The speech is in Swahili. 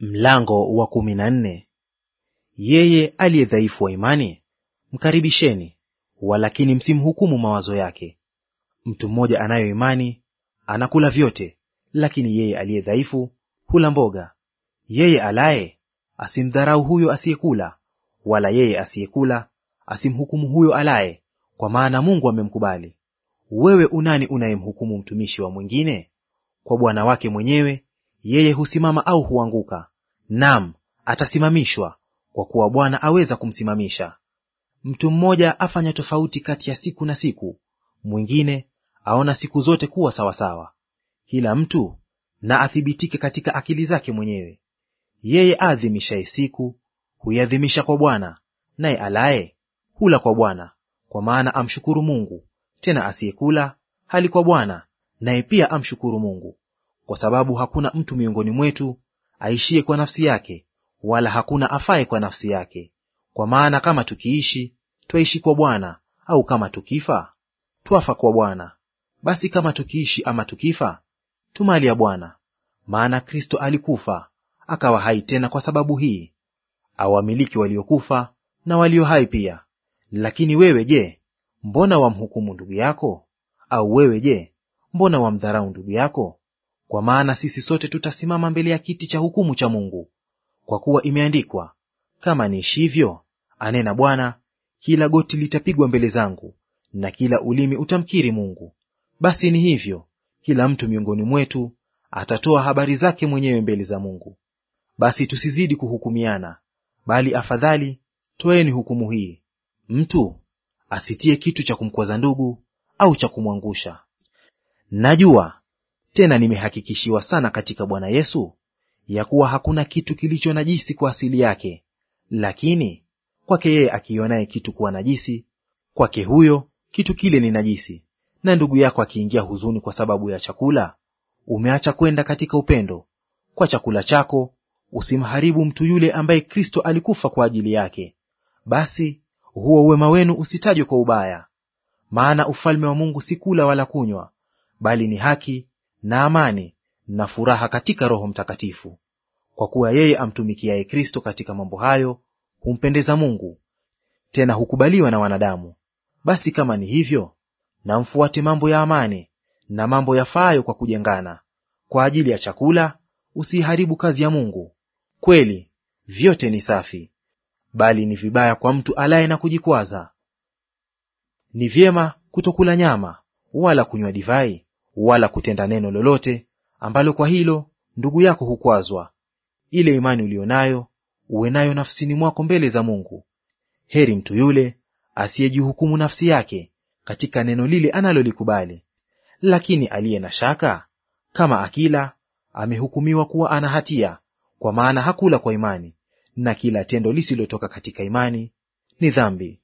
Mlango wa kumi na nne. Yeye aliye dhaifu wa imani mkaribisheni, walakini msimhukumu mawazo yake. Mtu mmoja anayo imani anakula vyote, lakini yeye aliye dhaifu hula mboga. Yeye alaye asimdharau huyo asiyekula, wala yeye asiyekula asimhukumu huyo alaye, kwa maana Mungu amemkubali. Wewe unani unayemhukumu mtumishi wa mwingine? Kwa bwana wake mwenyewe yeye husimama au huanguka, nam atasimamishwa, kwa kuwa Bwana aweza kumsimamisha. Mtu mmoja afanya tofauti kati ya siku na siku, mwingine aona siku zote kuwa sawasawa. Kila mtu na athibitike katika akili zake mwenyewe. Yeye aadhimishaye siku huiadhimisha kwa Bwana, naye alaye hula kwa Bwana, kwa maana amshukuru Mungu. Tena asiyekula hali kwa Bwana, naye pia amshukuru Mungu kwa sababu hakuna mtu miongoni mwetu aishie kwa nafsi yake, wala hakuna afaye kwa nafsi yake. Kwa maana kama tukiishi, twaishi kwa Bwana; au kama tukifa, twafa kwa Bwana. Basi kama tukiishi ama tukifa, tumali ya Bwana. Maana Kristo alikufa, akawa hai tena kwa sababu hii, awamiliki waliokufa na walio hai pia. Lakini wewe je, mbona wamhukumu ndugu yako? Au wewe je, mbona wamdharau ndugu yako? Kwa maana sisi sote tutasimama mbele ya kiti cha hukumu cha Mungu. Kwa kuwa imeandikwa, kama niishivyo, anena Bwana, kila goti litapigwa mbele zangu, na kila ulimi utamkiri Mungu. Basi ni hivyo, kila mtu miongoni mwetu atatoa habari zake mwenyewe mbele za Mungu. Basi tusizidi kuhukumiana, bali afadhali toeni hukumu hii, mtu asitie kitu cha kumkwaza ndugu au cha kumwangusha. Najua tena nimehakikishiwa sana katika Bwana Yesu ya kuwa hakuna kitu kilicho najisi kwa asili yake, lakini kwake yeye akionaye kitu kuwa najisi, kwake huyo kitu kile ni najisi. Na ndugu yako akiingia huzuni kwa sababu ya chakula, umeacha kwenda katika upendo; kwa chakula chako usimharibu mtu yule ambaye Kristo alikufa kwa ajili yake. Basi huo wema wenu usitajwe kwa ubaya. Maana ufalme wa Mungu si kula wala kunywa, bali ni haki na amani na furaha katika Roho Mtakatifu, kwa kuwa yeye amtumikiaye Kristo katika mambo hayo humpendeza Mungu, tena hukubaliwa na wanadamu. Basi kama ni hivyo, na mfuate mambo ya amani na mambo yafaayo kwa kujengana, kwa ajili ya chakula usiharibu kazi ya Mungu. Kweli vyote ni safi, bali ni vibaya kwa mtu alaye na kujikwaza. Ni vyema kutokula nyama wala kunywa divai, wala kutenda neno lolote ambalo kwa hilo ndugu yako hukwazwa. Ile imani uliyo nayo uwe nayo nafsini mwako mbele za Mungu. Heri mtu yule asiyejihukumu nafsi yake katika neno lile analolikubali. Lakini aliye na shaka, kama akila, amehukumiwa kuwa ana hatia, kwa maana hakula kwa imani. Na kila tendo lisilotoka katika imani ni dhambi.